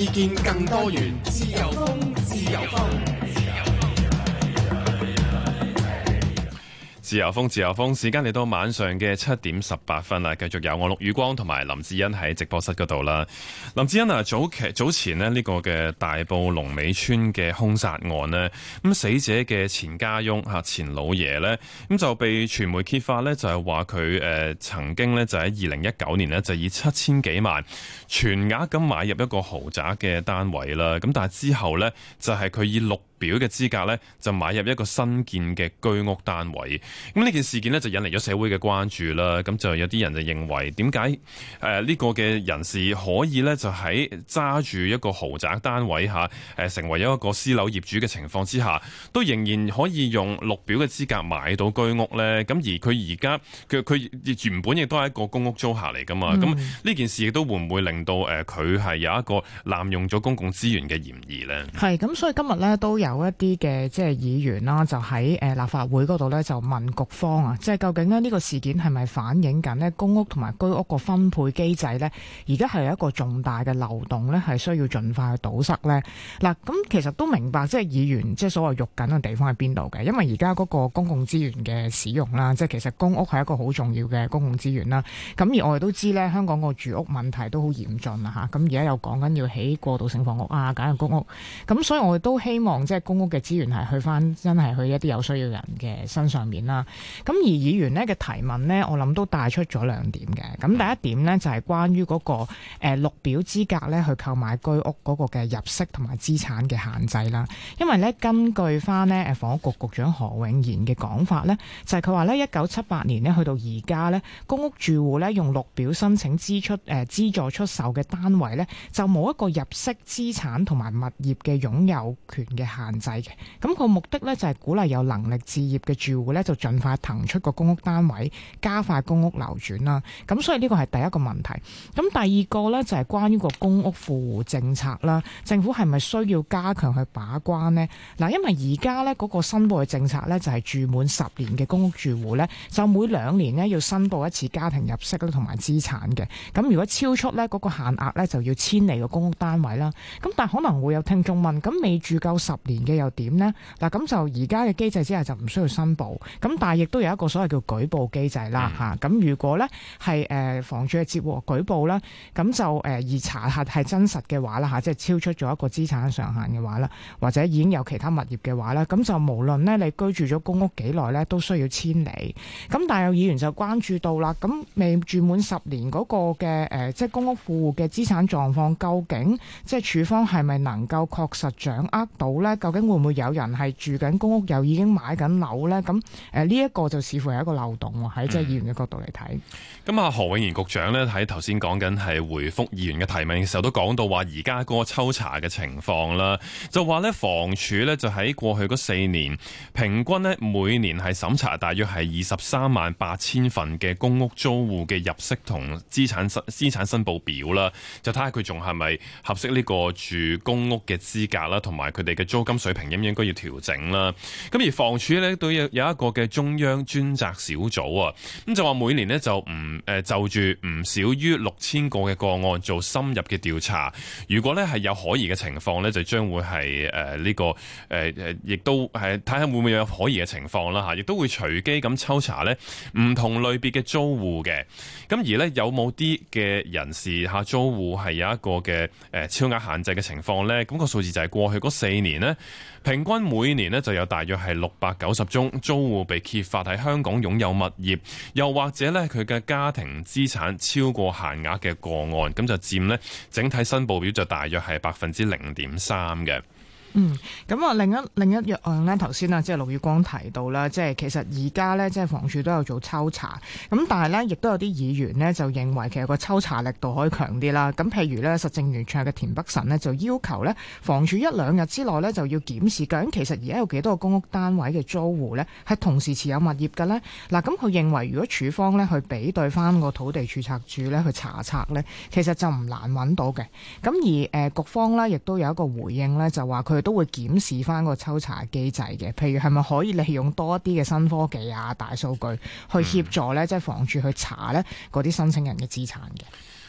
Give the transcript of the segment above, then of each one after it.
意見更多元，自由風，自由風。自由風，自由風，時間嚟到晚上嘅七點十八分啦，繼續有我陸宇光同埋林志恩喺直播室嗰度啦。林志恩啊，早期早前呢呢個嘅大埔龍尾村嘅兇殺案呢，咁死者嘅前家翁吓前老爺呢，咁就被傳媒揭發呢就係話佢誒曾經呢，就喺二零一九年呢，就以七千幾萬全額咁買入一個豪宅嘅單位啦。咁但係之後呢，就係佢以六表嘅資格咧，就買入一個新建嘅居屋單位。咁呢件事件咧，就引嚟咗社會嘅關注啦。咁就有啲人就認為點解誒呢個嘅人士可以咧就喺揸住一個豪宅單位吓誒成為咗一個私樓業主嘅情況之下，都仍然可以用綠表嘅資格買到居屋咧？咁而佢而家佢佢原本亦都係一個公屋租客嚟噶嘛？咁、嗯、呢件事亦都會唔會令到誒佢係有一個濫用咗公共資源嘅嫌疑咧？係咁，所以今日咧都有。有一啲嘅即係議員啦，就喺誒立法會嗰度咧，就問局方啊，即係究竟咧呢個事件係咪反映緊咧公屋同埋居屋個分配機制咧？而家係一個重大嘅漏洞咧，係需要盡快去堵塞咧。嗱，咁其實都明白即係議員即係所謂喐緊嘅地方喺邊度嘅，因為而家嗰個公共資源嘅使用啦，即係其實公屋係一個好重要嘅公共資源啦。咁而我哋都知咧，香港個住屋問題都好嚴峻啊吓。咁而家又講緊要起過渡性房屋啊，簡約公屋。咁所以我哋都希望即係。公屋嘅資源係去翻真係去一啲有需要的人嘅身上面啦。咁而議員呢嘅提問呢，我諗都帶出咗兩點嘅。咁第一點呢，就係、是、關於嗰、那個誒、呃、綠表資格咧去購買居屋嗰個嘅入息同埋資產嘅限制啦。因為咧根據翻呢誒房屋局局長何永賢嘅講法咧，就係佢話咧一九七八年呢去到而家咧，公屋住戶咧用綠表申請支出誒資助出售嘅單位咧，就冇一個入息資產同埋物業嘅擁有權嘅限制。制嘅，咁個目的咧就係鼓勵有能力置業嘅住戶咧，就盡快騰出個公屋單位，加快公屋流轉啦。咁所以呢個係第一個問題。咁第二個咧就係關於個公、公屋富戶政策啦，政府係咪需要加強去把關呢？嗱，因為而家咧嗰個申報嘅政策咧，就係住滿十年嘅公屋住戶咧，就每兩年咧要申報一次家庭入息同埋資產嘅。咁如果超出咧嗰個限額咧，就要遷離個公屋單位啦。咁但可能會有聽眾問，咁未住夠十年？嘅又點呢？嗱，咁就而家嘅機制之下，就唔需要申報，咁但係亦都有一個所謂叫舉報機制啦嚇。咁、嗯、如果咧係誒房主嘅接獲舉報咧，咁就誒而查核係真實嘅話啦嚇，即係超出咗一個資產上限嘅話啦，或者已經有其他物業嘅話咧，咁就無論咧你居住咗公屋幾耐咧，都需要遷離。咁但有議員就關注到啦，咁未住滿十年嗰個嘅誒，即係公屋戶嘅資產狀況究竟即係署方係咪能夠確實掌握到咧？究竟會唔會有人係住緊公屋又已經買緊樓呢？咁誒呢一個就似乎係一個漏洞喎，喺即係議員嘅角度嚟睇。咁、嗯、啊，何永賢局長呢？喺頭先講緊係回覆議員嘅提問嘅時候，都講到話而家嗰個抽查嘅情況啦，就話呢，房署呢就喺過去嗰四年平均呢每年係審查大約係二十三萬八千份嘅公屋租戶嘅入息同資產申資產申報表啦，就睇下佢仲係咪合適呢個住公屋嘅資格啦，同埋佢哋嘅租金水平應唔應該要調整啦？咁而房署咧都有有一個嘅中央專責小組啊，咁就話每年咧就唔誒就住唔少於六千個嘅個案做深入嘅調查。如果咧係有可疑嘅情況咧，就將會係誒呢個誒誒亦都係睇下會唔會有可疑嘅情況啦吓，亦、啊、都會隨機咁抽查咧唔同類別嘅租戶嘅。咁、啊、而咧有冇啲嘅人士吓、啊、租戶係有一個嘅誒、啊、超額限制嘅情況咧？咁、個數字就係過去嗰四年咧。平均每年呢就有大約係六百九十宗租戶被揭發喺香港擁有物業，又或者咧佢嘅家庭資產超過限額嘅個案，咁就佔呢整體申報表就大約係百分之零點三嘅。嗯，咁啊，另一另一樣案呢，頭先啊，即係盧宇光提到啦，即係其實而家咧，即係房署都有做抽查，咁但係咧，亦都有啲議員咧就認為其實個抽查力度可以強啲啦。咁譬如咧，實政圓桌嘅田北辰咧就要求咧，房署一兩日之內咧就要檢視究竟其實而家有幾多個公屋單位嘅租戶咧係同時持有物業嘅咧。嗱，咁佢認為如果署方咧去比對翻個土地註冊處咧去查冊咧，其實就唔難揾到嘅。咁而誒、呃、局方咧亦都有一個回應咧，就話佢。佢都會檢視翻個抽查機制嘅，譬如係咪可以利用多一啲嘅新科技啊、大數據去協助咧，即、嗯、係防住去查咧嗰啲申請人嘅資產嘅。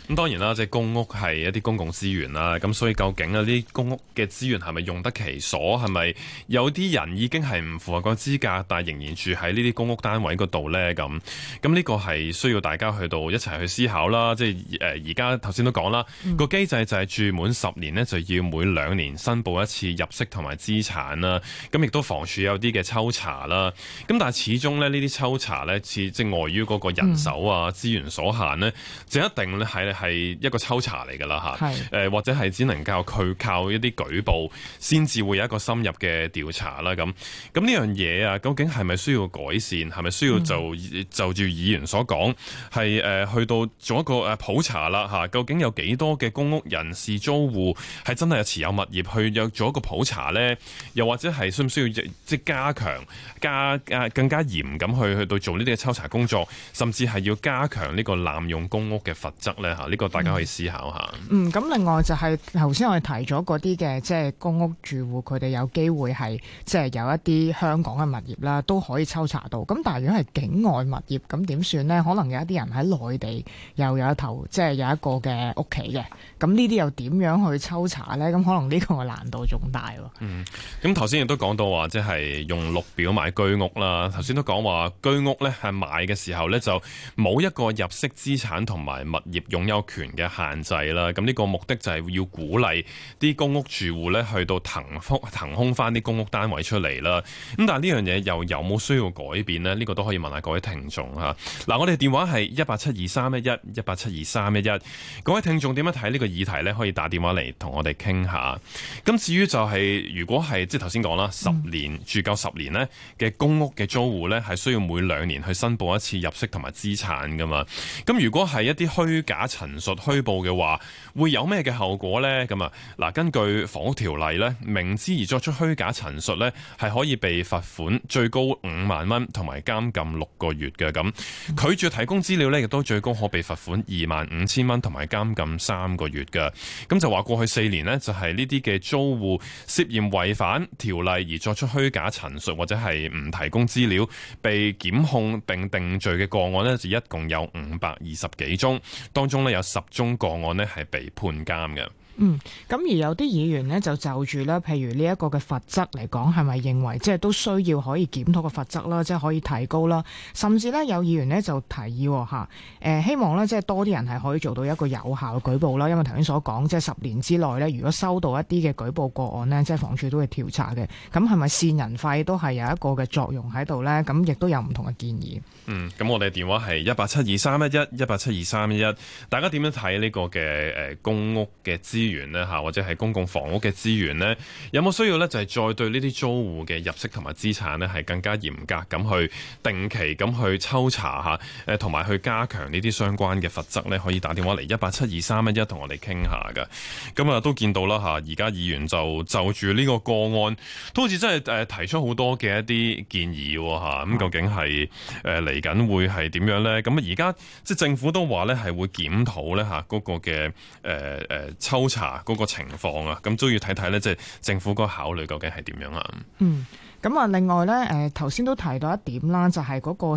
咁當然啦，即係公屋係一啲公共資源啦，咁所以究竟呢啲公屋嘅資源係咪用得其所？係咪有啲人已經係唔符合個資格，但係仍然住喺呢啲公屋單位嗰度呢？咁咁呢個係需要大家去到一齊去思考啦。即係誒而家頭先都講啦，個機制就係住滿十年呢，就要每兩年申報一次入息同埋資產啦。咁亦都房署有啲嘅抽查啦。咁但係始終呢啲抽查呢，似即係礙於嗰個人手啊資源所限呢，就一定咧喺係一個抽查嚟㗎啦嚇，誒或者係只能夠佢靠一啲舉報先至會有一個深入嘅調查啦咁。咁呢樣嘢啊，究竟係咪需要改善？係咪需要就就住議員所講，係誒去到做一個誒普查啦嚇？究竟有幾多嘅公屋人士租戶係真係有持有物業去約咗一個普查咧？又或者係需唔需要即加強加加更加嚴咁去去到做呢啲嘅抽查工作，甚至係要加強呢個濫用公屋嘅罰則咧嚇？呢、這個大家可以思考下。嗯，咁、嗯、另外就係頭先我哋提咗嗰啲嘅，即、就、係、是、公屋住戶佢哋有機會係即係有一啲香港嘅物業啦，都可以抽查到。咁但係如果係境外物業咁點算咧？可能有一啲人喺內地又有一頭即係有一個嘅屋企嘅。咁呢啲又點樣去抽查咧？咁可能呢個難度仲大。咯嗯，咁頭先亦都講到話即係用綠表買居屋啦。頭先都講話居屋咧，係買嘅時候咧，就冇一個入息資產同埋物業擁有權嘅限制啦，咁呢個目的就係要鼓勵啲公屋住戶咧，去到騰空騰空翻啲公屋單位出嚟啦。咁但係呢樣嘢又有冇需要改變呢？呢、呢個都可以問下各位聽眾吓。嗱、啊，我哋電話係一八七二三一一一八七二三一一，各位聽眾點樣睇呢個議題呢？可以打電話嚟同我哋傾下。咁至於就係、是、如果係即係頭先講啦，十年、嗯、住夠十年呢嘅公屋嘅租戶呢，係需要每兩年去申報一次入息同埋資產噶嘛？咁如果係一啲虛假，陳述虛報嘅話，會有咩嘅後果呢？咁啊，嗱，根據房屋條例咧，明知而作出虛假陳述咧，係可以被罰款最高五萬蚊，同埋監禁六個月嘅。咁拒絕提供資料咧，亦都最高可被罰款二萬五千蚊，同埋監禁三個月嘅。咁就話過去四年咧，就係呢啲嘅租戶涉嫌違反條例而作出虛假陳述或者係唔提供資料，被檢控並定罪嘅個案咧，就一共有五百二十幾宗，當中呢有十宗個案呢，係被判監嘅。嗯，咁而有啲議員呢，就就住呢，譬如呢一個嘅罰則嚟講，係咪認為即係、就是、都需要可以檢討個罰則啦，即、就、係、是、可以提高啦，甚至呢，有議員呢就提議吓，誒、呃、希望呢，即、就、係、是、多啲人係可以做到一個有效嘅舉報啦。因為頭先所講，即、就、係、是、十年之內呢，如果收到一啲嘅舉報個案呢，即、就、係、是、房署都會調查嘅。咁係咪線人費都係有一個嘅作用喺度呢？咁亦都有唔同嘅建議。嗯，咁我哋電話係一八七二三一一一八七二三一一，大家點樣睇呢個嘅誒公屋嘅資源咧吓，或者係公共房屋嘅資源咧，有冇需要咧就係、是、再對呢啲租戶嘅入息同埋資產咧係更加嚴格咁去定期咁去抽查下誒同埋去加強呢啲相關嘅罰則咧，可以打電話嚟一八七二三一一同我哋傾下噶。咁、嗯、啊都見到啦吓，而家議員就就住呢個個案，都好似真係誒提出好多嘅一啲建議吓，咁、嗯、究竟係誒嚟？呃緊會係點樣咧？咁啊，而家即係政府都話咧，係會檢討咧吓個嘅誒誒抽查嗰個情況啊。咁都要睇睇咧，即係政府個考慮究竟係點樣啊？嗯，咁啊，另外咧，誒頭先都提到一點啦，就係、是、嗰、那個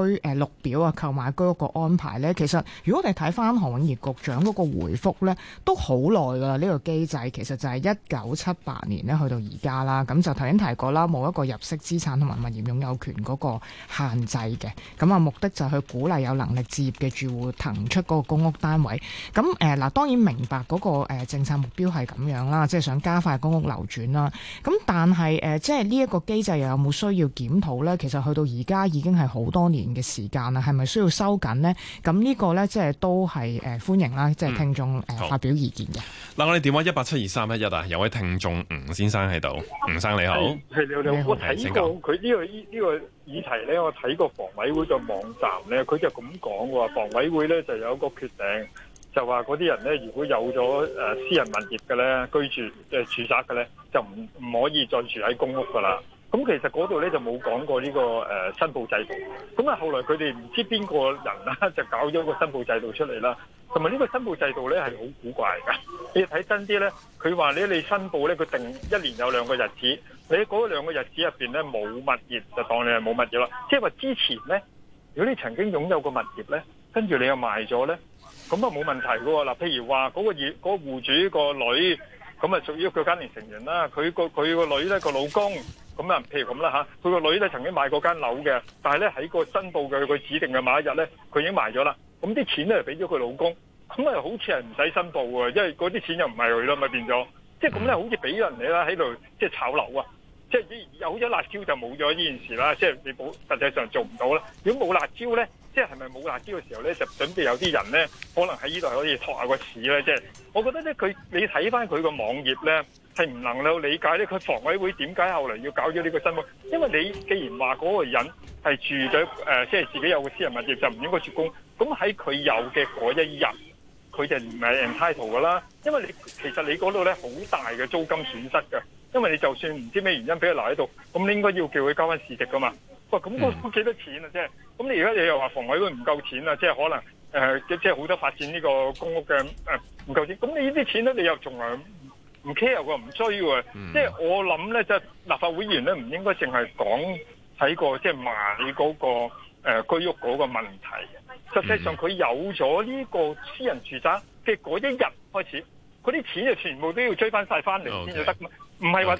誒居誒綠表啊，購買居屋個安排咧，其實如果我哋睇翻何永業局長嗰個回覆咧，都好耐噶啦。呢、這個機制其實就係一九七八年咧，去到而家啦。咁就頭先提過啦，冇一個入息資產同埋物業擁有權嗰個限制嘅。咁啊，目的就係去鼓勵有能力置業嘅住戶騰出嗰個公屋單位。咁誒嗱，當然明白嗰個政策目標係咁樣啦，即係想加快公屋流轉啦。咁但係誒，即係呢一個機制又有冇需要檢討咧？其實去到而家已經係好多年嘅時間啦，係咪需要收緊呢？咁、這、呢個咧，即係都係誒歡迎啦，即係聽眾誒發表意見嘅。嗱、嗯，我哋電話一八七二三一一啊，有位聽眾吳先生喺度，吳生你好。係你你好，我睇佢呢個呢、呢個議題咧，我睇過房委會個網站咧，佢就咁講喎，房委會咧就有一個決定，就話嗰啲人咧如果有咗誒私人物業嘅咧居住誒住宅嘅咧，就唔唔可以再住喺公屋㗎啦。咁其實嗰度咧就冇講過呢個誒申報制度。咁啊，後來佢哋唔知邊個人啦，就搞咗個申報制度出嚟啦。同埋呢個申報制度咧係好古怪㗎。你睇真啲咧，佢話咧你申報咧，佢定一年有兩個日子。你喺嗰兩個日子入面咧冇物業，就當你係冇物業啦。即係話之前咧，如果你曾經擁有個物業咧，跟住你又賣咗咧，咁啊冇問題㗎喎。嗱，譬如話嗰個業嗰個戶主個女，咁啊屬於佢家庭成員啦。佢個佢個女咧個老公，咁啊譬如咁啦嚇。佢個女咧曾經買過間樓嘅，但係咧喺個申報嘅佢指定嘅某一日咧，佢已經賣咗啦。咁啲錢咧係俾咗佢老公，咁啊好似係唔使申報嘅，因為嗰啲錢又唔係佢啦嘛，變咗即係咁咧，就是、好似俾人哋啦喺度即係炒樓啊！即係有咗辣椒就冇咗呢件事啦，即係你冇實際上做唔到啦。如果冇辣椒咧，即係係咪冇辣椒嘅時候咧，就準備有啲人咧可能喺呢度可以托下個市咧？即係我覺得咧，佢你睇翻佢個網頁咧係唔能夠理解咧，佢房委會點解後來要搞咗呢個申報？因為你既然話嗰個人係住咗誒，即係自己有個私人物業就唔應該住公。咁喺佢有嘅嗰一日，佢就唔係 entitle 噶啦，因為你其實你嗰度咧好大嘅租金損失㗎！因為你就算唔知咩原因俾佢留喺度，咁你應該要叫佢交翻市值噶嘛。喂、啊，咁嗰嗰幾多錢啊？即係咁，你而家你又話房委會唔夠錢啊？即係可能、呃、即係好多發展呢個公屋嘅唔夠錢。咁你呢啲錢咧，你又從來唔 care 喎，唔需要即係我諗咧，就係呢就係、立法會議員咧，唔應該淨係講喺個即係、就係、買嗰、嗰個誒、呃、居屋嗰個問題。實際上佢有咗呢個私人住宅嘅嗰一日開始，嗰啲錢就全部都要追翻晒翻嚟先至得，唔係話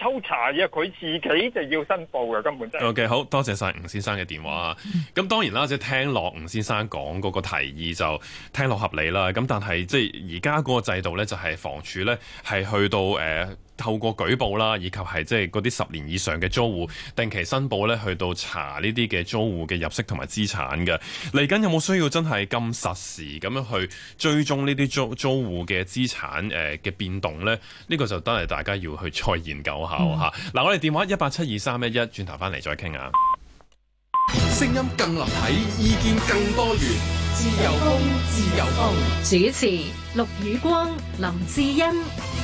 抽查啊！佢、okay. 自己就要申報嘅，根本真、就係。OK，好多謝晒吳先生嘅電話咁 當然啦，即係聽落吳先生講嗰個提議就聽落合理啦。咁但係即係而家嗰個制度咧，就係房署咧係去到誒。呃透過舉報啦，以及係即係嗰啲十年以上嘅租戶定期申報咧，去到查呢啲嘅租戶嘅入息同埋資產嘅。嚟緊有冇需要真係咁實時咁樣去追蹤呢啲租租戶嘅資產誒嘅變動咧？呢、呢個就真係大家要去再研究一下喎。嗱、嗯啊，我哋電話一八七二三一一，轉頭翻嚟再傾下。聲音更立體，意見更多元，自由風，自由風。主持：陸雨光、林志恩。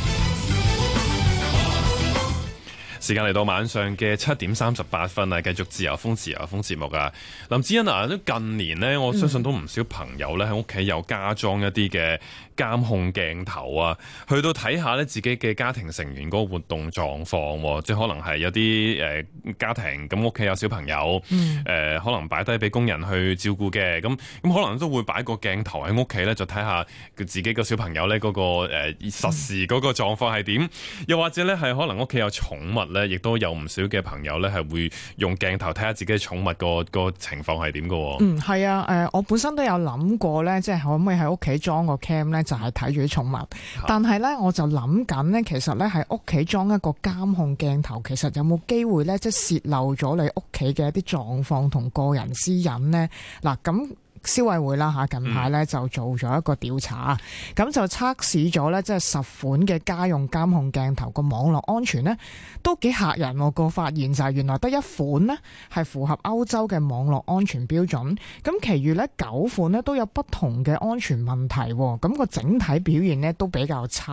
時間嚟到晚上嘅七點三十八分啊！繼續自由風自由風節目，志恩啊！林子欣啊，都近年咧，我相信都唔少朋友咧，喺屋企有加裝一啲嘅監控鏡頭啊，去到睇下咧自己嘅家庭成員嗰個活動狀況，即係可能係有啲誒家庭咁，屋企有小朋友，誒可能擺低俾工人去照顧嘅，咁咁可能都會擺個鏡頭喺屋企咧，就睇下佢自己個小朋友咧嗰個誒實時嗰個狀況係點，又或者咧係可能屋企有寵物。亦都有唔少嘅朋友咧，係會用鏡頭睇下自己嘅寵物個個情況係點噶。嗯，係啊，誒，我本身都有諗過呢，即係可唔可以喺屋企裝個 cam 呢？就係睇住啲寵物。但係呢，我就諗緊呢，其實呢，喺屋企裝一個監控鏡頭，其實有冇機會洩呢？即係洩漏咗你屋企嘅一啲狀況同個人私隱呢？嗱，咁。消委會啦，吓，近排咧就做咗一個調查，咁就測試咗咧，即係十款嘅家用監控鏡頭個網絡安全咧，都幾嚇人，我個發現就係原來得一款咧係符合歐洲嘅網絡安全標準，咁其餘咧九款咧都有不同嘅安全問題，咁個整體表現咧都比較差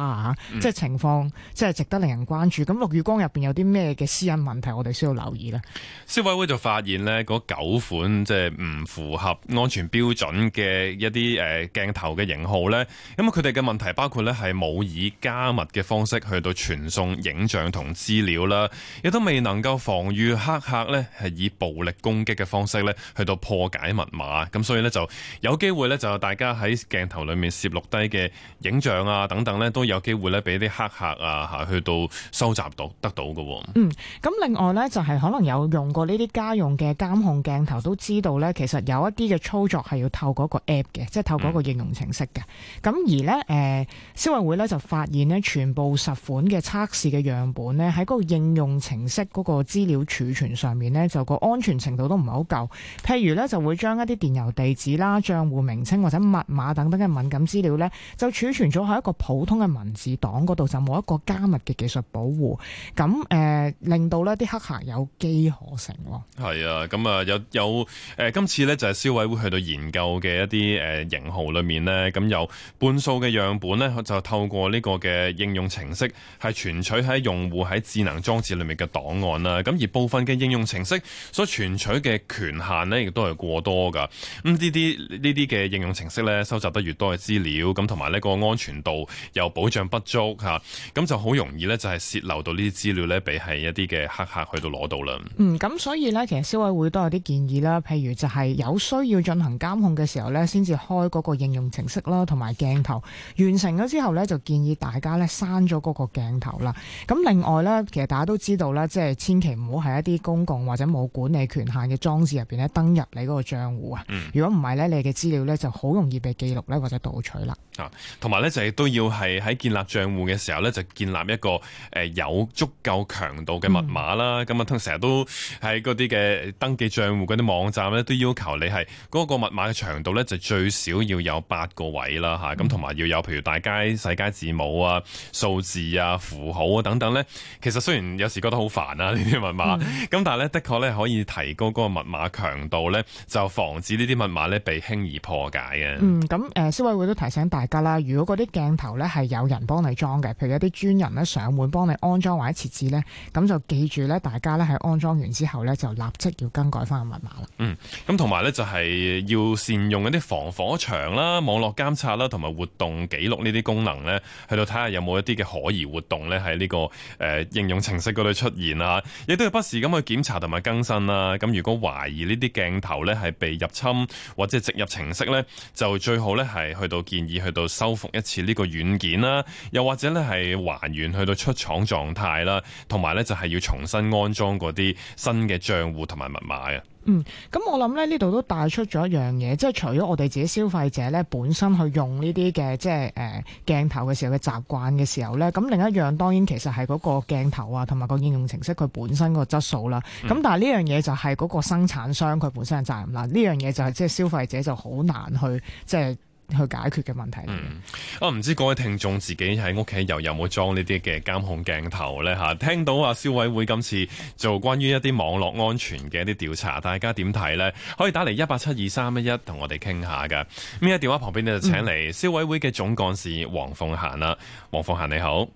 吓，即、嗯、係情況即係值得令人關注。咁陸月光入邊有啲咩嘅私隱問題，我哋需要留意咧？消委會就發現咧嗰九款即係唔符合安全標。標準嘅一啲誒鏡頭嘅型號呢，咁啊佢哋嘅問題包括呢係冇以加密嘅方式去到傳送影像同資料啦，亦都未能夠防禦黑客呢係以暴力攻擊嘅方式呢去到破解密碼，咁所以呢，就有機會呢，就大家喺鏡頭裡面攝錄低嘅影像啊等等呢，都有機會呢俾啲黑客啊嚇去到收集到得到㗎。嗯，咁另外呢，就係可能有用過呢啲家用嘅監控鏡頭都知道呢，其實有一啲嘅操作。係要透過一個 app 嘅，即係透過一個應用程式嘅。咁、嗯、而呢、呃，消委會呢就發現呢，全部十款嘅測試嘅樣本呢，喺嗰個應用程式嗰個資料儲存上面呢，就個安全程度都唔係好夠。譬如呢，就會將一啲電郵地址啦、賬戶名稱或者密碼等等嘅敏感資料呢，就儲存咗喺一個普通嘅文字檔嗰度，就冇一個加密嘅技術保護。咁、呃、令到呢啲黑客有機可乘喎。係啊，咁啊有有、呃、今次呢，就係消委會去到。研究嘅一啲誒型號裏面咧，咁有半數嘅樣本咧，就透過呢個嘅應用程式係存取喺用戶喺智能裝置裏面嘅檔案啦。咁而部分嘅應用程式所存取嘅權限咧，亦都係過多噶。咁呢啲呢啲嘅應用程式咧，收集得越多嘅資料，咁同埋呢個安全度又保障不足吓，咁就好容易咧就係洩漏到呢啲資料咧，俾係一啲嘅黑客去到攞到啦。嗯，咁所以咧，其實消委會都有啲建議啦，譬如就係有需要進行。監控嘅時候咧，先至開嗰個應用程式啦，同埋鏡頭完成咗之後咧，就建議大家咧刪咗嗰個鏡頭啦。咁另外咧，其實大家都知道啦，即係千祈唔好喺一啲公共或者冇管理權限嘅裝置入邊咧登入你嗰個賬戶啊。如果唔係咧，你嘅資料咧就好容易被記錄咧或者盜取啦。啊，同埋咧就係、是、都要係喺建立賬戶嘅時候咧，就建立一個誒、呃、有足夠強度嘅密碼啦。咁、嗯、啊，通常都喺嗰啲嘅登記賬戶嗰啲網站咧都要求你係嗰個密。密碼嘅長度咧就最少要有八個位啦，吓，咁同埋要有譬如大階、細階字母啊、數字啊、符號啊等等咧。其實雖然有時覺得好煩啊呢啲密碼，咁、嗯、但係咧的確咧可以提高嗰個密碼強度咧，就防止呢啲密碼咧被輕易破解嘅。嗯，咁誒、消、呃、委會都提醒大家啦，如果嗰啲鏡頭咧係有人幫你裝嘅，譬如一啲專人咧上門幫你安裝或者設置咧，咁就記住咧，大家咧喺安裝完之後咧就立即要更改翻個密碼啦。嗯，咁同埋咧就係要。要善用一啲防火牆啦、網絡監察啦，同埋活動記錄呢啲功能呢，去到睇下有冇一啲嘅可疑活動呢喺呢個誒、呃、應用程式嗰度出現啊。亦都係不時咁去檢查同埋更新啦。咁如果懷疑呢啲鏡頭呢係被入侵或者植入程式呢，就最好呢係去到建議去到修復一次呢個軟件啦，又或者呢係還原去到出廠狀態啦，同埋呢，就係要重新安裝嗰啲新嘅賬戶同埋密碼啊。嗯，咁我諗咧呢度都帶出咗一樣嘢，即係除咗我哋自己消費者咧本身去用呢啲嘅即係誒鏡頭嘅時候嘅習慣嘅時候咧，咁另一樣當然其實係嗰個鏡頭啊同埋個應用程式佢本身個質素啦。咁、嗯、但係呢樣嘢就係嗰個生產商佢本身嘅責任啦。呢樣嘢就係、是、即係消費者就好難去即係。去解決嘅問題。嗯，我、啊、唔知各位聽眾自己喺屋企又有冇裝呢啲嘅監控鏡頭呢？嚇、啊。聽到啊消委會今次做關於一啲網絡安全嘅一啲調查，大家點睇呢？可以打嚟一八七二三一一同我哋傾下㗎。咩一電話旁邊呢？就請嚟消、嗯、委會嘅總幹事黃鳳嫺啦。黃鳳嫺你好。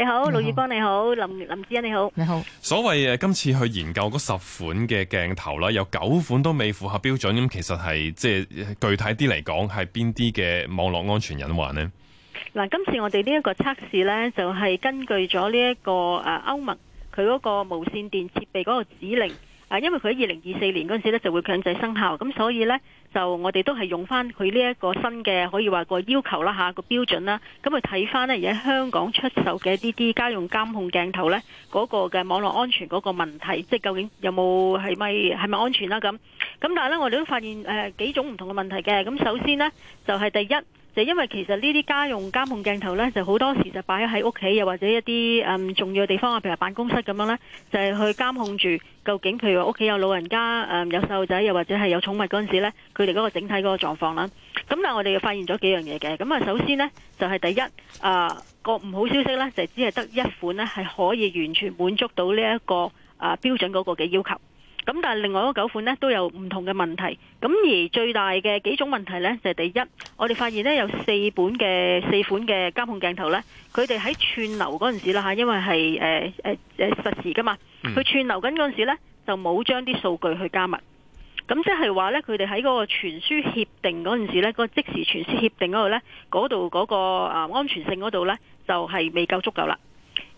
你好，陸宇光你好，林林志恩你好，你好。所謂誒，今次去研究嗰十款嘅鏡頭啦，有九款都未符合標準。咁其實係即係具體啲嚟講，係邊啲嘅網絡安全隱患呢？嗱，今次我哋呢一個測試呢，就係根據咗呢一個誒歐盟佢嗰個無線電設備嗰個指令。啊，因為佢喺二零二四年嗰陣時咧就會強制生效，咁所以呢，就我哋都係用翻佢呢一個新嘅可以話個要求啦吓個標準啦，咁去睇翻呢，而家香港出售嘅呢啲家用監控鏡頭呢，嗰、嗰個嘅網絡安全嗰個問題，即係究竟有冇係咪係咪安全啦、啊、咁，咁但係呢，我哋都發現誒幾種唔同嘅問題嘅，咁首先呢，就係、係、第一。就因為其實呢啲家用監控鏡頭呢，就好多時就擺喺屋企，又或者一啲誒、嗯、重要地方啊，譬如話辦公室咁樣呢，就係、是、去監控住究竟譬如話屋企有老人家誒、嗯、有細路仔，又或者係有寵物嗰陣時呢，佢哋嗰個整體嗰個狀況啦。咁但係我哋又發現咗幾樣嘢嘅。咁啊，首先呢，就係、是、第一啊個唔好消息呢，就只係得一款呢，係可以完全滿足到呢、這、一個啊標準嗰個嘅要求。咁但係另外嗰九款呢都有唔同嘅問題，咁而最大嘅幾種問題呢，就係第一，我哋發現呢有四本嘅四款嘅監控鏡頭呢，佢哋喺串流嗰陣時啦嚇，因為係、呃呃、實時噶嘛，佢串流緊嗰陣時呢就冇將啲數據去加密，咁即係話呢，佢哋喺嗰個傳輸協定嗰陣時呢，嗰個即時傳輸協定嗰度呢，嗰度嗰個啊安全性嗰度呢，就係未夠足夠啦。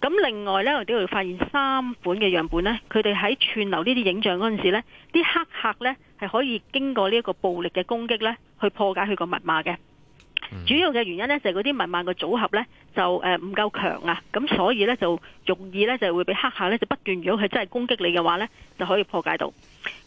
咁另外呢，我哋都發現三款嘅樣本呢，佢哋喺串流呢啲影像嗰陣時，呢啲黑客呢係可以經過呢一個暴力嘅攻擊呢去破解佢個密碼嘅。主要嘅原因呢，就係嗰啲密碼嘅組合呢就誒唔夠強啊，咁所以呢，就容易呢就會畀黑客呢，就不斷，如果佢真係攻擊你嘅話呢，就可以破解到。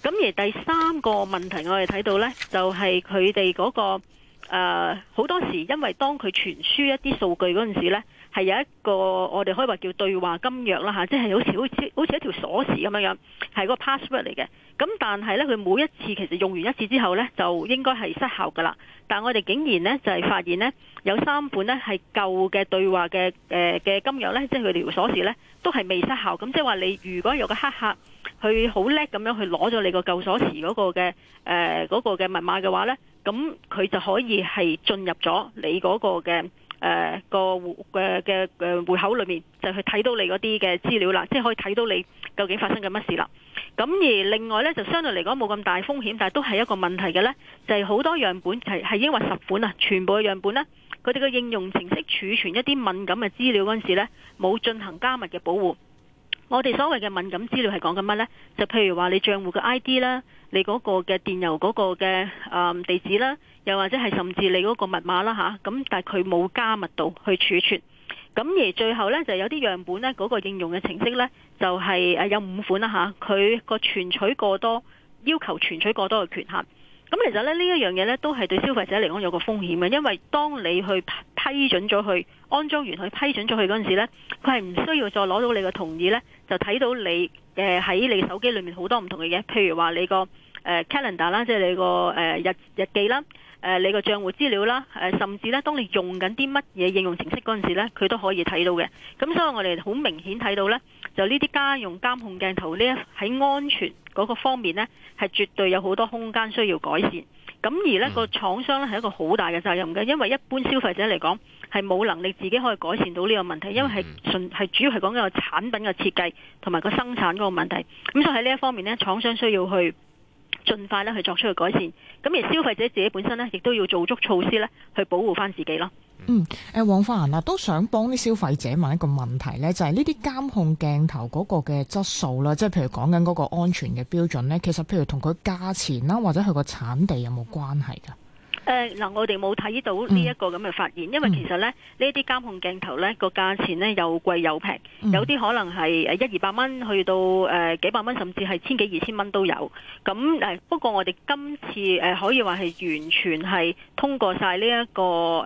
咁而第三個問題我哋睇到呢，就係佢哋嗰個。誒、呃、好多時，因為當佢傳輸一啲數據嗰陣時呢，係有一個我哋可以話叫對話金鑰啦吓，即係好似好似好似一條鎖匙咁樣樣，係個 password 嚟嘅。咁、啊、但係呢，佢每一次其實用完一次之後呢，就應該係失效㗎啦。但我哋竟然呢，就係、是、發現呢，有三本呢係舊嘅對話嘅嘅、呃、金鑰呢，即係佢條鎖匙呢，都係未失效。咁、啊、即係話你如果有個黑客。佢好叻咁樣去攞咗你個救所持個舊鎖匙嗰個嘅誒個嘅密碼嘅話呢，咁佢就可以係進入咗你嗰個嘅誒、呃那個戶嘅嘅戶口裏面，就去睇到你嗰啲嘅資料啦，即、就、係、是、可以睇到你究竟發生緊乜事啦。咁而另外呢，就相對嚟講冇咁大風險，但係都係一個問題嘅呢，就係、是、好多樣本係係已經話十款啦，全部嘅樣本呢，佢哋嘅應用程式儲存一啲敏感嘅資料嗰陣時呢，冇進行加密嘅保護。我哋所謂嘅敏感資料係講緊乜呢？就譬如話你帳戶嘅 ID 啦，你嗰個嘅電郵嗰個嘅地址啦，又或者係甚至你嗰個密碼啦吓，咁但係佢冇加密到去儲存，咁而最後呢，就有啲樣本呢，嗰個應用嘅程式呢，就係誒有五款啦吓，佢個存取過多要求存取過多嘅權限。咁其實咧，呢一樣嘢咧，都係對消費者嚟講有個風險嘅，因為當你去批准咗去安裝完，去批准咗去嗰陣時咧，佢係唔需要再攞到你嘅同意咧，就睇到你誒喺你手機裏面好多唔同嘅嘢，譬如話你個誒 Calendar 啦，即係你個誒日日記啦。誒你個帳戶資料啦，誒甚至咧，當你用緊啲乜嘢應用程式嗰陣時咧，佢都可以睇到嘅。咁所以我哋好明顯睇到咧，就呢啲家用監控鏡頭呢一喺安全嗰個方面咧，係絕對有好多空間需要改善。咁而呢個廠商咧係一個好大嘅責任嘅，因為一般消費者嚟講係冇能力自己可以改善到呢個問題，因為係純係主要係講緊個產品嘅設計同埋個生產嗰個問題。咁所以喺呢一方面咧，廠商需要去。盡快咧去作出去改善，咁而消費者自己本身咧，亦都要做足措施咧，去保護翻自己咯。嗯，誒，黃鳳嫺啊，都想幫啲消費者問一個問題咧，就係呢啲監控鏡頭嗰個嘅質素啦，即係譬如講緊嗰個安全嘅標準咧，其實譬如同佢價錢啦，或者佢個產地有冇關係㗎？嗯誒嗱、嗯，我哋冇睇到呢一個咁嘅發現，因為其實咧，呢啲監控鏡頭呢個價錢呢又貴又平，有啲可能係一二百蚊，去到誒幾百蚊，甚至係千幾二千蚊都有。咁誒不過我哋今次誒可以話係完全係通過晒呢一個誒誒、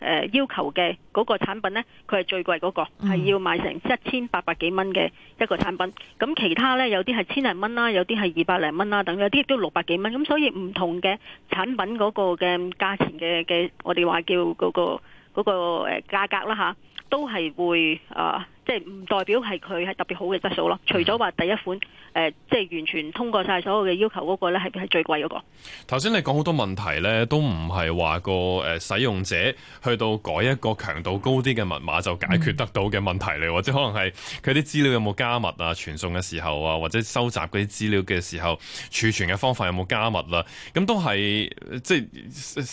呃、要求嘅嗰個產品呢，佢係最貴嗰、嗰個，係要賣成一千八百幾蚊嘅一個產品。咁其他呢，有啲係千零蚊啦，有啲係二百零蚊啦，等有啲亦都六百幾蚊。咁所以唔同嘅產品嗰、嗰個嘅價錢嘅嘅，我哋話叫嗰個嗰個誒價格啦，吓都係會誒。啊。即係唔代表係佢係特別好嘅質素咯，除咗話第一款誒、呃，即係完全通過晒所有嘅要求嗰個咧，係係最貴嗰個。頭先你講好多問題咧，都唔係話個誒使用者去到改一個強度高啲嘅密碼就解決得到嘅問題嚟、嗯，或者可能係佢啲資料有冇加密啊，傳送嘅時候啊，或者收集嗰啲資料嘅時候，儲存嘅方法有冇加密啦，咁都係即係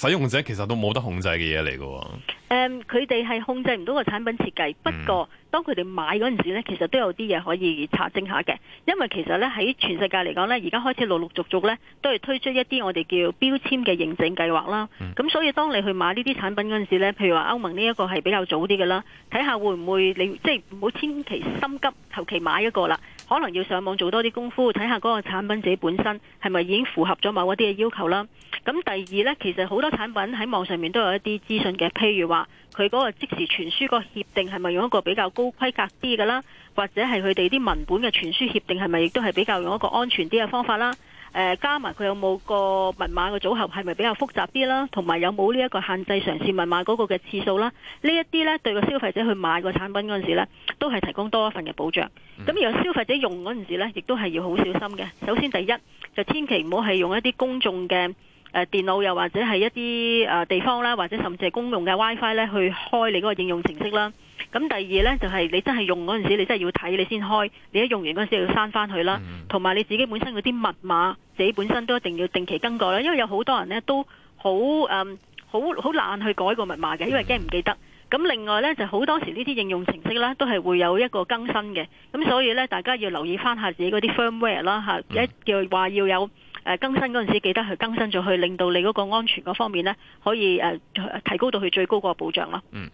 使用者其實都冇得控制嘅嘢嚟嘅。佢哋係控制唔到個產品設計，不過當佢哋買嗰陣時咧，其實都有啲嘢可以查證下嘅。因為其實呢，喺全世界嚟講呢，而家開始陸陸續續呢，都係推出一啲我哋叫標籤嘅認證計劃啦。咁、嗯、所以當你去買呢啲產品嗰陣時咧，譬如話歐盟呢一個係比較早啲嘅啦，睇下會唔會你即係唔好千祈心急，求其買一個啦。可能要上網做多啲功夫，睇下嗰個產品自己本身係咪已經符合咗某一啲嘅要求啦。咁第二呢，其實好多產品喺網上面都有一啲資訊嘅，譬如話佢嗰個即時傳輸個協定係咪用一個比較高規格啲嘅啦，或者係佢哋啲文本嘅傳輸協定係咪亦都係比較用一個安全啲嘅方法啦。呃、加埋佢有冇個密碼嘅組合係咪比較複雜啲啦？同埋有冇呢一個限制嘗試密碼嗰個嘅次數啦？呢一啲呢，對個消費者去買個產品嗰陣時呢，都係提供多一份嘅保障。咁、嗯、而個消費者用嗰陣時呢，亦都係要好小心嘅。首先第一就千祈唔好係用一啲公眾嘅、呃、電腦，又或者係一啲、呃、地方啦，或者甚至係公用嘅 WiFi 呢，去開你嗰個應用程式啦。咁第二呢，就係、是、你真係用嗰陣時，你真係要睇你先開，你一用完嗰陣時要閂翻去啦。同埋你自己本身嗰啲密碼，自己本身都一定要定期更改啦。因為有好多人呢都好嗯好好懶去改個密碼嘅，因為驚唔記得。咁另外呢，就好多時呢啲應用程式啦都係會有一個更新嘅。咁所以呢，大家要留意翻下自己嗰啲 firmware 啦，吓一叫話要有。誒更新嗰陣時，記得去更新咗，去令到你嗰個安全嗰方面呢，可以誒提高到佢最高個保障咯。嗯，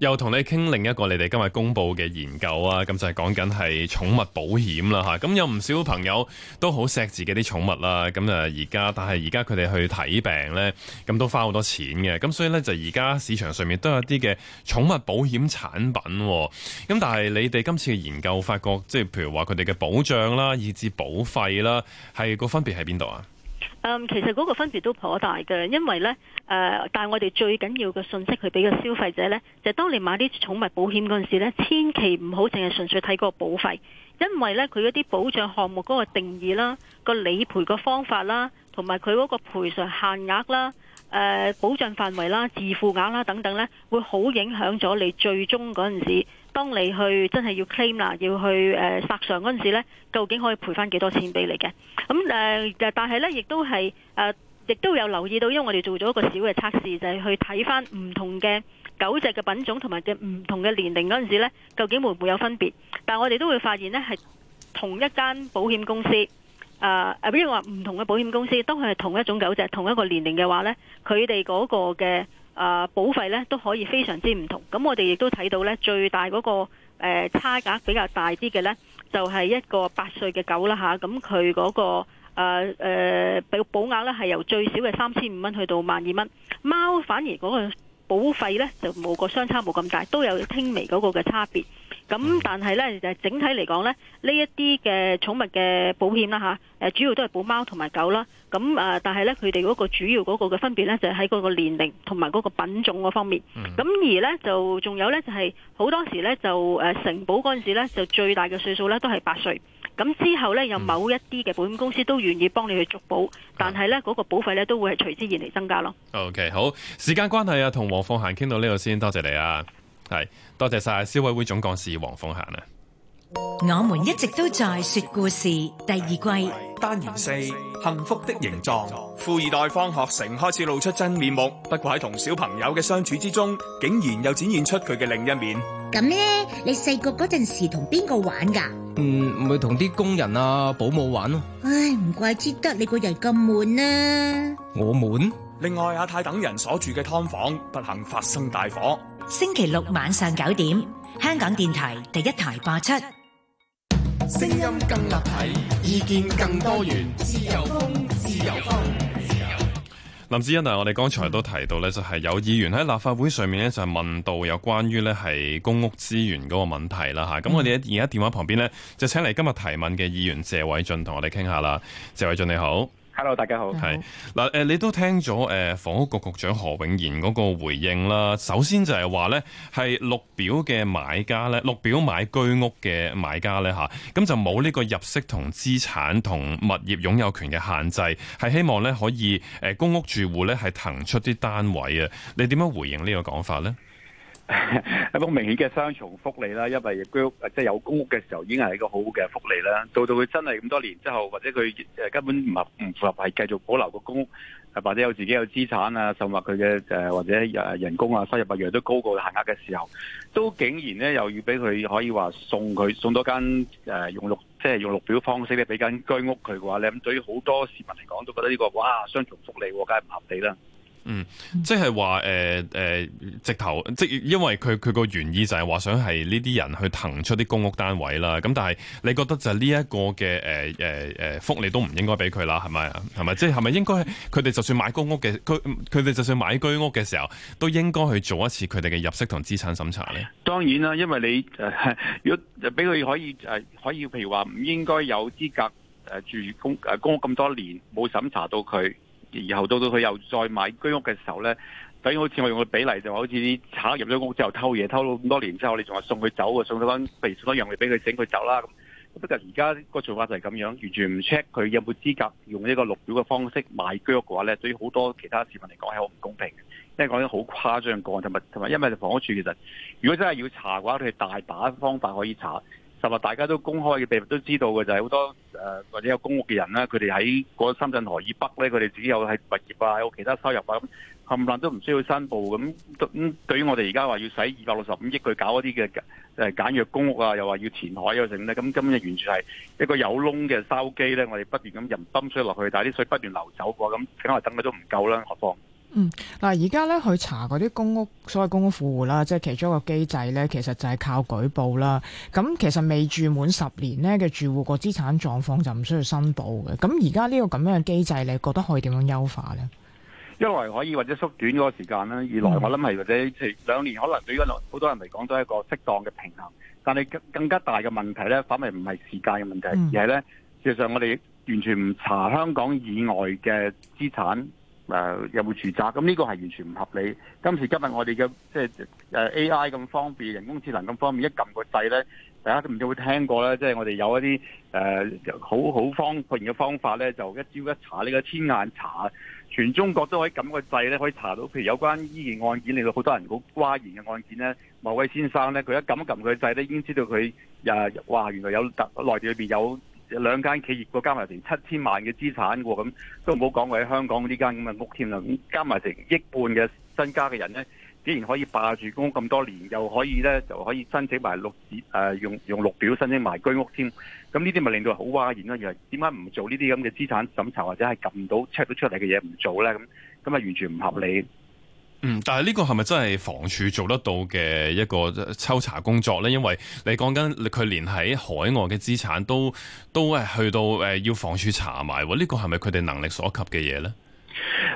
又同你傾另一個，你哋今日公布嘅研究啊，咁就係講緊係寵物保險啦，嚇，咁有唔少朋友都好錫自己啲寵物啦，咁誒而家，但係而家佢哋去睇病呢，咁都花好多錢嘅，咁所以呢，就而家市場上面都有啲嘅寵物保險產品，咁但係你哋今次嘅研究發覺，即係譬如話佢哋嘅保障啦，以至保費啦，係個分別喺邊度啊？嗯、um，其實嗰個分別都頗大嘅，因為呢，誒、呃，但係我哋最緊要嘅信息，去俾個消費者呢，就係、當你買啲寵物保險嗰陣時呢，千祈唔好淨係純粹睇個保費，因為呢，佢嗰啲保障項目嗰個定義啦、個理賠個方法啦、同埋佢嗰個賠償限額啦、誒、呃、保障範圍啦、自付額啦等等呢，會好影響咗你最終嗰陣時。當你去真係要 claim 啦，要去誒索償嗰陣時呢，究竟可以賠翻幾多錢俾你嘅？咁、嗯呃、但係呢，亦都係亦、呃、都有留意到，因為我哋做咗一個小嘅測試，就係、是、去睇翻唔同嘅狗隻嘅品種同埋嘅唔同嘅年齡嗰陣時呢，究竟會唔會有分別？但係我哋都會發現呢，係同一間保險公司，誒、呃，比如話唔同嘅保險公司，當佢係同一種狗隻、同一個年齡嘅話呢，佢哋嗰個嘅。.啊，保費呢都可以非常之唔同。咁我哋亦都睇到呢，最大嗰、那個、呃、差額比較大啲嘅呢，就係、是、一個八歲嘅狗啦吓，咁佢嗰個誒保、呃呃、保額呢，係由最少嘅三千五蚊去到萬二蚊。貓反而嗰個保費呢，就冇個相差冇咁大，都有輕微嗰個嘅差別。咁、嗯、但係咧就係整體嚟講咧呢一啲嘅寵物嘅保險啦吓，誒主要都係保貓同埋狗啦。咁啊但係咧佢哋嗰個主要嗰個嘅分別咧就係喺嗰個年齡同埋嗰個品種嗰方面。咁、嗯、而咧就仲有咧就係好多時咧就誒承保嗰陣時咧就最大嘅歲數咧都係八歲。咁之後咧有某一啲嘅保險公司都願意幫你去續保，但係咧嗰個保費咧都會係隨之而嚟增加咯。OK 好，時間關係啊，同黃鳳嫻傾到呢度先，多謝你啊。係，多謝晒消委會總幹事黃鳳嫺啊！我們一直都在說故事第二季單元四《幸福的形狀》形狀，富二代方學成開始露出真面目，不過喺同小朋友嘅相處之中，竟然又展現出佢嘅另一面。咁呢，你細個嗰陣時同邊個玩噶？嗯，唔會同啲工人啊、保姆玩咯、啊。唉，唔怪之得你這個人咁悶啊。我悶。另外，阿泰等人所住嘅劏房不幸發生大火。星期六晚上九點，香港電台第一台播出。聲音更立體，意見更多元，自由風，自由風，自由。林志欣啊，我哋剛才都提到咧，就係、是、有議員喺立法會上面咧，就係問到有關於呢係公屋資源嗰個問題啦吓。咁我哋而家電話旁邊呢就請嚟今日提問嘅議員謝偉俊同我哋傾下啦。謝偉俊你好。hello，大家好。係嗱，誒，你都聽咗誒房屋局局長何永賢嗰個回應啦。首先就係話咧，係綠表嘅買家咧，綠表買居屋嘅買家咧，吓咁就冇呢個入息同資產同物業擁有權嘅限制，係希望咧可以誒公屋住戶咧係騰出啲單位啊。你點樣回應個呢個講法咧？一 個明顯嘅雙重福利啦，因為居屋即係有公屋嘅時候已經係一個好好嘅福利啦。到到佢真係咁多年之後，或者佢根本唔合唔符合係繼續保留個公屋，或者有自己有資產啊，甚至佢嘅誒或者人工啊收入啊樣都高過限額嘅時候，都竟然呢又要俾佢可以話送佢送多間誒用綠即係用綠表方式咧俾間居屋佢嘅話，你咁對於好多市民嚟講都覺得呢、呢個哇雙重福利，梗係唔合理啦。嗯，即係話誒誒，直頭即因為佢佢個原意就係話想係呢啲人去騰出啲公屋單位啦。咁但係你覺得就係呢一個嘅誒誒誒福利都唔應該俾佢啦，係咪啊？係咪即係係咪應該佢哋就算買公屋嘅，佢佢哋就算買居屋嘅時候都應該去做一次佢哋嘅入息同資產審查咧？當然啦，因為你、呃、如果俾佢可以誒可以，呃、可以譬如話唔應該有資格誒住公誒、呃、公屋咁多年冇審查到佢。然後到到佢又再買居屋嘅時候咧，等於好似我用個比例就話好似啲賊入咗屋之後偷嘢偷到咁多年之後，我哋仲話送佢走啊，送咗返，譬如送多樣嘢俾佢整佢走啦咁。不過而家個做法就係咁樣，完全唔 check 佢有冇資格用呢個綠表嘅方式買居屋嘅話咧，對於好多其他市民嚟講係好唔公平嘅，因為講講啲好誇張嘅個案，同埋同埋因為房屋處其實如果真係要查嘅話，佢係大把方法可以查。就話大家都公開嘅秘密都知道嘅就係、是、好多誒或者有公屋嘅人啦，佢哋喺嗰深圳河以北咧，佢哋自己有喺物業啊，有其他收入啊，咁冚唪唥都唔需要申報咁。咁對於我哋而家話要使二百六十五億去搞嗰啲嘅誒簡約公屋啊，又話要填海啊剩咧，咁今日完全係一個有窿嘅筲箕咧，我哋不斷咁入泵水落去，但係啲水不斷流走過，咁梗係等佢都唔夠啦，何況？嗯，嗱而家咧去查嗰啲公屋，所謂公屋富戶啦，即係其中一個機制咧，其實就係靠舉報啦。咁其實未住滿十年咧嘅住戶個資產狀況就唔需要申報嘅。咁而家呢個咁樣嘅機制，你覺得可以點樣優化咧？一來可以或者縮短嗰個時間啦，二來我諗係或者即係兩年可能對於好多人嚟講都係一個適當嘅平衡。但係更更加大嘅問題咧，反而唔係時間嘅問題，而係咧事實上我哋完全唔查香港以外嘅資產。誒有冇住宅？咁呢個係完全唔合理。今時今日我哋嘅即係誒 AI 咁方便，人工智能咁方便，一撳個掣咧，大家都唔知會聽過咧，即係我哋有一啲誒好好方便嘅方法咧，就一朝一查呢個天眼查，全中國都可以撳個掣咧，可以查到。譬如有關醫療案件令到好多人好瓜然嘅案件咧，某位先生咧，佢一撳一撳佢掣咧，已經知道佢嘩，原來有特內地裏面有。兩間企業個加埋成七千萬嘅資產喎，咁都唔好講話喺香港呢間咁嘅屋添啦。咁加埋成億半嘅身家嘅人呢，竟然可以霸住公屋咁多年，又可以呢就可以申請埋綠紙誒，用用綠表申請埋居屋添。咁呢啲咪令到好嘩然咯？又係點解唔做呢啲咁嘅資產審查或者係撳到 check 到出嚟嘅嘢唔做呢？咁咁啊完全唔合理。嗯，但係呢個係咪真係房署做得到嘅一個抽查工作呢？因為你講緊佢連喺海外嘅資產都都係去到、呃、要房署查埋喎，呢、這個係咪佢哋能力所及嘅嘢呢？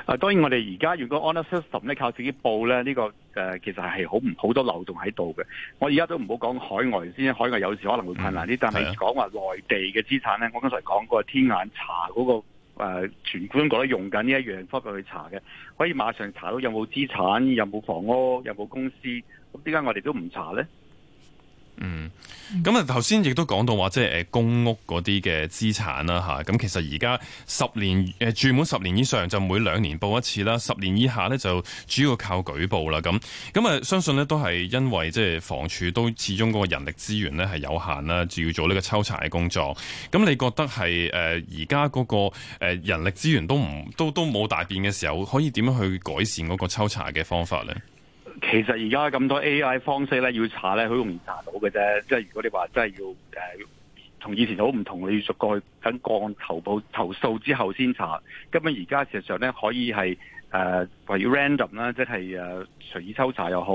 當當然我哋而家如果 on t systemhonor system 咧靠自己報呢，呢、這個、呃、其實係好唔好多漏洞喺度嘅。我而家都唔好講海外先，海外有時可能會困難啲、嗯，但係講話內地嘅資產呢，我剛才講過天眼查嗰、那個。誒，全港覺得用緊呢一樣方法去查嘅，可以馬上查到有冇資產，有冇房屋，有冇公司。咁點解我哋都唔查咧？嗯，咁啊，頭先亦都講到話，即係誒公屋嗰啲嘅資產啦，吓，咁其實而家十年誒住滿十年以上就每兩年報一次啦，十年以下呢，就主要靠舉報啦，咁，咁啊，相信呢，都係因為即係房署都始終嗰個人力資源呢係有限啦，仲要做呢個抽查嘅工作。咁你覺得係誒而家嗰個誒人力資源都唔都都冇大變嘅時候，可以點樣去改善嗰個抽查嘅方法呢？其實而家咁多 AI 方式咧，要查咧好容易查到嘅啫。即係如果你話真係要誒，同以前好唔同，你要逐個去等個案投報投訴之後先查。根本而家事實上咧，可以係誒為 random 啦，即係誒隨意抽查又好，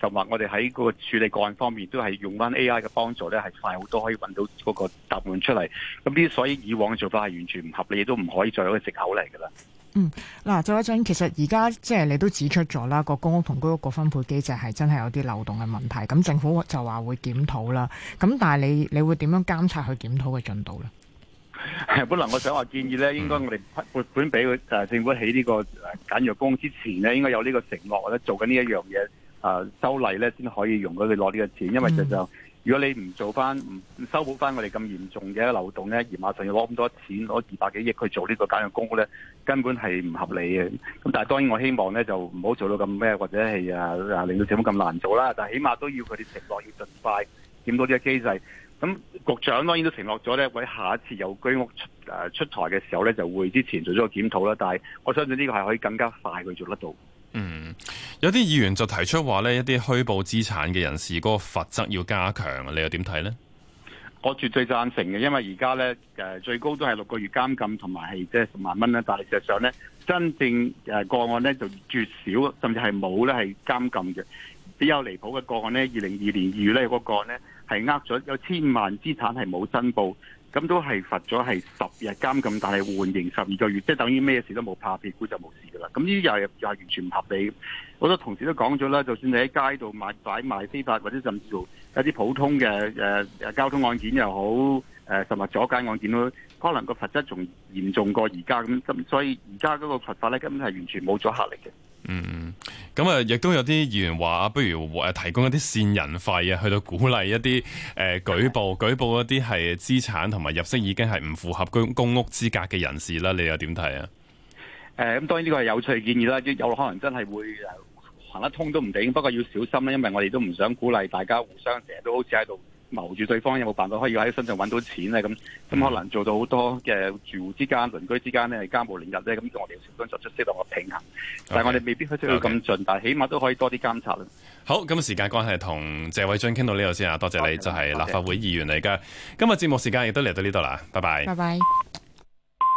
甚或我哋喺個處理個案方面都係用翻 AI 嘅幫助咧，係快好多，可以搵到嗰個答案出嚟。咁呢啲所以以往嘅做法係完全唔合理，亦都唔可以再有個藉口嚟嘅啦。嗯，嗱，再一陣，其實而家即係你都指出咗啦，個公屋同居屋個分配機制係真係有啲漏洞嘅問題。咁政府就話會檢討啦。咁但係你你會點樣監察去檢討嘅進度咧？本來我想話建議咧，應該我哋撥款俾誒政府起呢個簡約公屋之前咧，應該有呢個承諾或者做緊呢一樣嘢啊修例咧，先可以容佢攞呢個錢，因為就就是。嗯如果你唔做翻唔修補翻我哋咁嚴重嘅漏洞咧，而馬上要攞咁多錢攞二百幾億去做個呢個簡約公屋咧，根本係唔合理嘅。咁但係當然我希望咧就唔好做到咁咩，或者係啊令到政府咁難做啦。但係起碼都要佢哋承諾要盡快檢討呢個機制。咁局長當然都承諾咗咧，會下一次有居屋出，呃、出台嘅時候咧，就會之前做咗個檢討啦。但係我相信呢個係可以更加快去做得到。嗯，有啲議員就提出話呢一啲虛報資產嘅人士嗰個罰則要加強，你又點睇呢？我絕對贊成嘅，因為而家呢誒最高都係六個月監禁同埋係即係十萬蚊啦，但係事實上呢，真正誒個案呢就絕少，甚至係冇呢係監禁嘅，比較離譜嘅個案呢，二零二年二月呢個、那個案呢。係呃咗有千萬資產係冇申報，咁都係罰咗係十日監禁，但係緩刑十二個月，即係等於咩事都冇怕，別估就冇事噶啦。咁呢啲又係又係完全唔合理。好多同事都講咗啦，就算你喺街度買擺賣非法，或者甚至乎一啲普通嘅誒、呃、交通案件又好，誒甚至阻街案件都可能個罰則仲嚴重過而家咁。咁所以而家嗰個罰法咧根本係完全冇阻嚇力嘅。嗯嗯，咁啊，亦都有啲議員話，不如誒提供一啲線人費啊，去到鼓勵一啲誒舉報，舉報一啲係資產同埋入息已經係唔符合居公屋資格嘅人士啦。你又點睇啊？誒、呃，咁當然呢個係有趣嘅建議啦，有可能真係會行得通都唔定，不過要小心啦，因為我哋都唔想鼓勵大家互相成日都好似喺度。謀住對方有冇辦法可以喺身上揾到錢咧？咁咁、嗯、可能做到好多嘅住戶之間、鄰居之間咧，家暴連日咧，咁我哋要時不時出聲嚟話平衡。Okay, 但係我哋未必可以做到咁盡，okay. 但係起碼都可以多啲監察啦。好，今日時間關係，同謝偉俊傾到呢度先啊！多謝你，okay, 就係立法會議員嚟噶。Okay. 今日節目時間亦都嚟到呢度啦，拜拜。拜拜。